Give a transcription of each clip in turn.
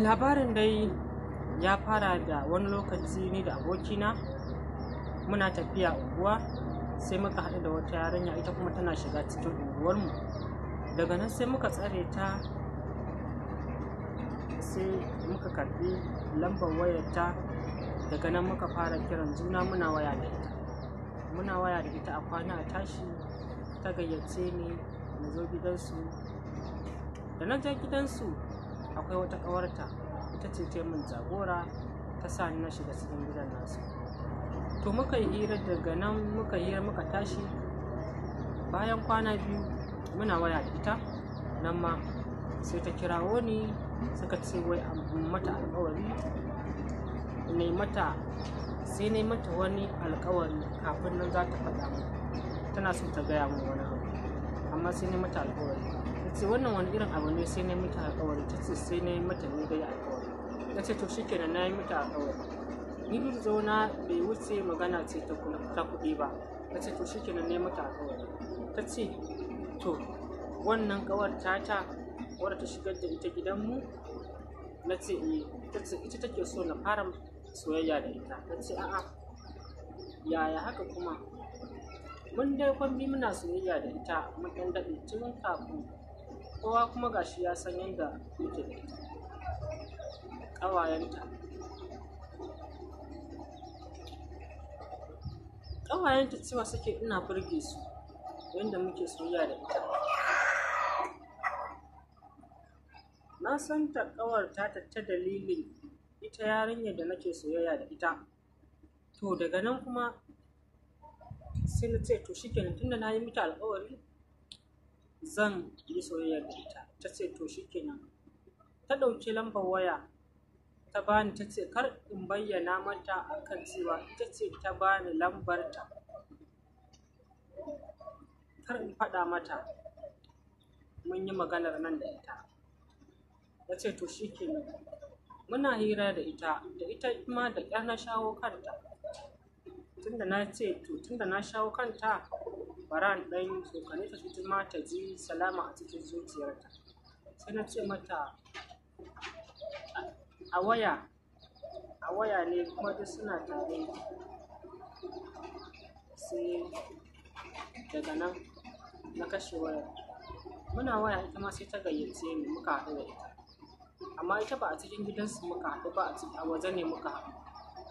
labarin dai ya fara da wani lokaci ni da abokina muna tafiya unguwa sai muka haɗu da wata yarinya ita kuma tana shiga cikin unguwarmu daga nan sai muka tsare ta sai muka karɓi lambar wayarta daga nan muka fara kiran juna muna waya da ita muna waya da ita a kwana a tashi ta gayyace ni na zo gidansu da na je gidansu akwai wata ƙawarta ita ce ta min jagora ta sa ni na shiga cikin gidan nasu to muka yi hira daga nan muka hira muka tashi bayan kwana biyu muna waya da ita nan ma sai ta kirawo ni suka ce wai mata alkawari ne mata sai ne mata wani alkawari kafin nan za ta faɗa mu tana so ta gaya mu wani abu amma sai ne mata alkawari na ce wannan wani irin abu ne sai na mata alƙawari ta ce sai na yi mata ni dai alƙawari na ce to shi shikenan na yi mata alƙawari ni duk zauna bai wuce magana ce ta kuɗi ba na ce to shi shikenan na yi mata alƙawari ta ce to wannan ƙawar tata wadda ta shigar da ita gidanmu na ce eh. ce ita take so na fara soyayya da ita na ce a'a yaya haka kuma mun dai kwambi muna soyayya da ita mun ɗan daɗe tun kafin kowa kuma gashi ya san yadda yake da ƙawayenta ƙawayenta cewa suke ina burge su yadda muke soyayya da ita na san ta ƙawarta ta tatta dalilin ita yarinyar da nake soyayya da ita to daga nan kuma sai na ce to shikenan tunda na yi mata alƙawari zan yi soyayya da ita ta ce to shi kenan. ta ɗauki lambar waya ta bani ta ce kar in bayyana mata akan cewa ita ce ta bani lambar ta kar in faɗa mata mun yi maganar nan da ita ta ce to shi kenan. muna hira da ita da ita kuma da ƙyar na shawo kanta tunda na ce to tunda na shawo kanta baran ɗan tsokane ta ita ma ta ji salama a cikin zuciyarta sai na ce mata a waya a waya ne kuma duk suna tare sai daga nan na kashe wayar muna waya ita ma sai ta gayyace ni muka haɗu da ita amma ita ba a cikin gidansu muka haɗu ba a waje ne muka haɗu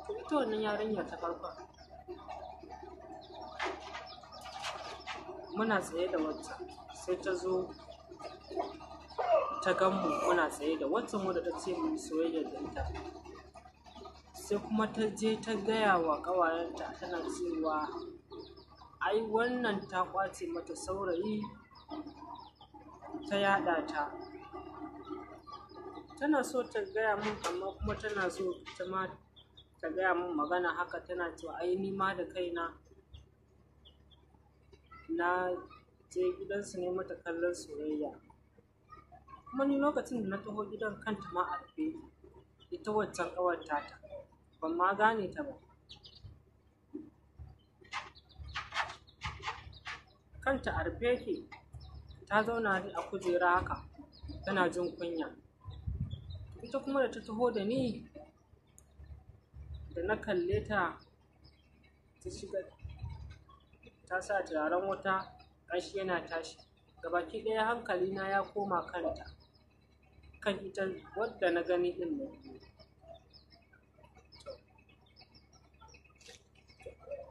to ita wannan yarinyar ta farkon muna tsaye da wata sai ta zo ta gan mu muna tsaye da wata wadda ta ce mun soyayya da sai kuma ta je ta gaya wa ƙawayenta tana cewa ai wannan ta kwace mata saurayi ta yada ta tana so ta gaya min amma kuma tana so ta ma ta gaya mun magana haka tana cewa ai ni ma da kaina na je gidansu ne mata kallon soyayya kuma ni lokacin da na taho gidan kanta ma a rufe ita waccan ƙawar tata ban ma gane ta ba kanta a rufe yake ta zauna a kujera haka tana jin kunya ita kuma da ta taho da ni da na kalle ta ta shiga ta sa turaren wuta ƙarshe yana tashi gabaki ɗaya hankalina ya koma kanta kan ita wadda na gani ɗin nan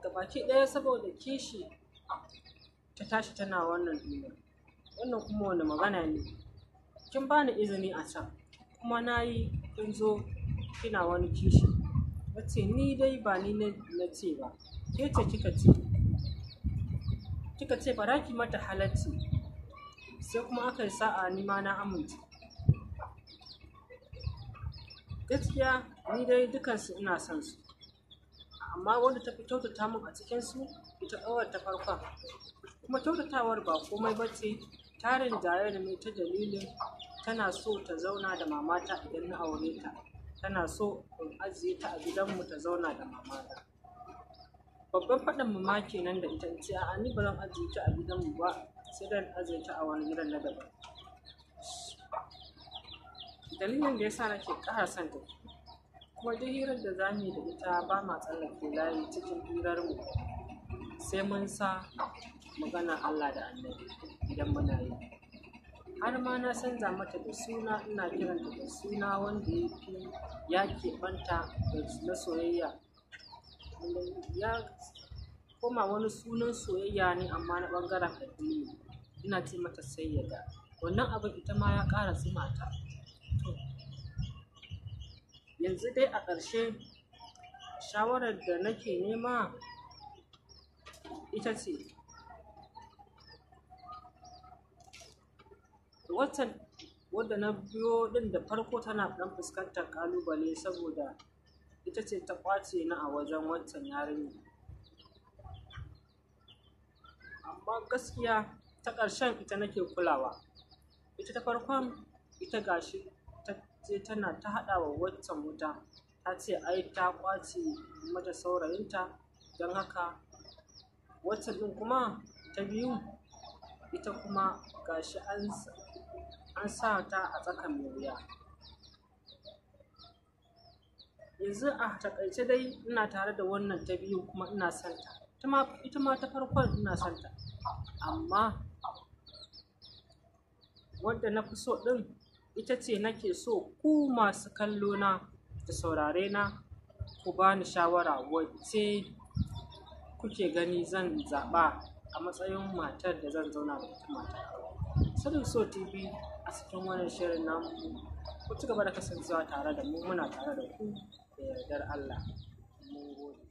gabaki ɗaya saboda kishi ta tashi tana wannan duniya wannan kuma wani magana ne kin bani izini a can kuma na yi kin zo kina wani kishi na ce ni dai ba ni na ce ba ke ce kika ce kika ce bara ki mata halacci sai kuma aka yi sa'a ni ma na amince gaskiya ni dai dukansu ina son su amma wanda ta fi kyautata min a cikin su ita ƙawar ta farkon kuma kyautatawar ba komai ba ce tarin jayar mai ta dalilin tana so ta zauna da mamata idan na aure ta tana so in ajiye ta a gidanmu ta zauna da mamata babban faɗan mu ma kenan da ita ce a ni ba zan ajiye ta a gidan mu ba sai dan ajiye ta a wani gidan na daban dalilin da yasa nake ƙara son ta kuma duk hirar da zamu da ita ba ma tsallake layi cikin hirar mu sai mun sa magana Allah da Annabi idan muna yi har ma na canza mata da suna ina kiranta da suna wanda ya banta banta da na soyayya ya koma wani sunan soyayya ne amma na ɓangaren addini ina ce mata sayyada wannan abin ita ma ya ƙara zuma ta yanzu dai a ƙarshe shawarar da nake nema ita ce watan wadda na biyo ɗin da farko tana ɗan fuskantar ƙalubale saboda ita ce ta ƙwace ni a wajen wancan yarinya amma gaskiya ta ƙarshen ita nake kulawa ita ta farkon ita gashi ta je tana ta haɗa wa wuta ta ce ai ta ƙwace mata saurayinta don haka waccan ɗin kuma ta biyu ita kuma gashi an sa ta a tsakan mai wuya yanzu a takaice dai ina tare da wannan ta biyu kuma ina santa ita ma ta farkon ina santa amma wadda na fi so ɗin ita ce nake so ku masu kallo na da saurare na ku bani shawara wacce kuke gani zan zaɓa a matsayin matar da zan zauna da ita matar sanin so tv a cikin wannan shirin namu ku ci gaba da kasancewa tare da mu muna tare da ku yardar Allah mun gode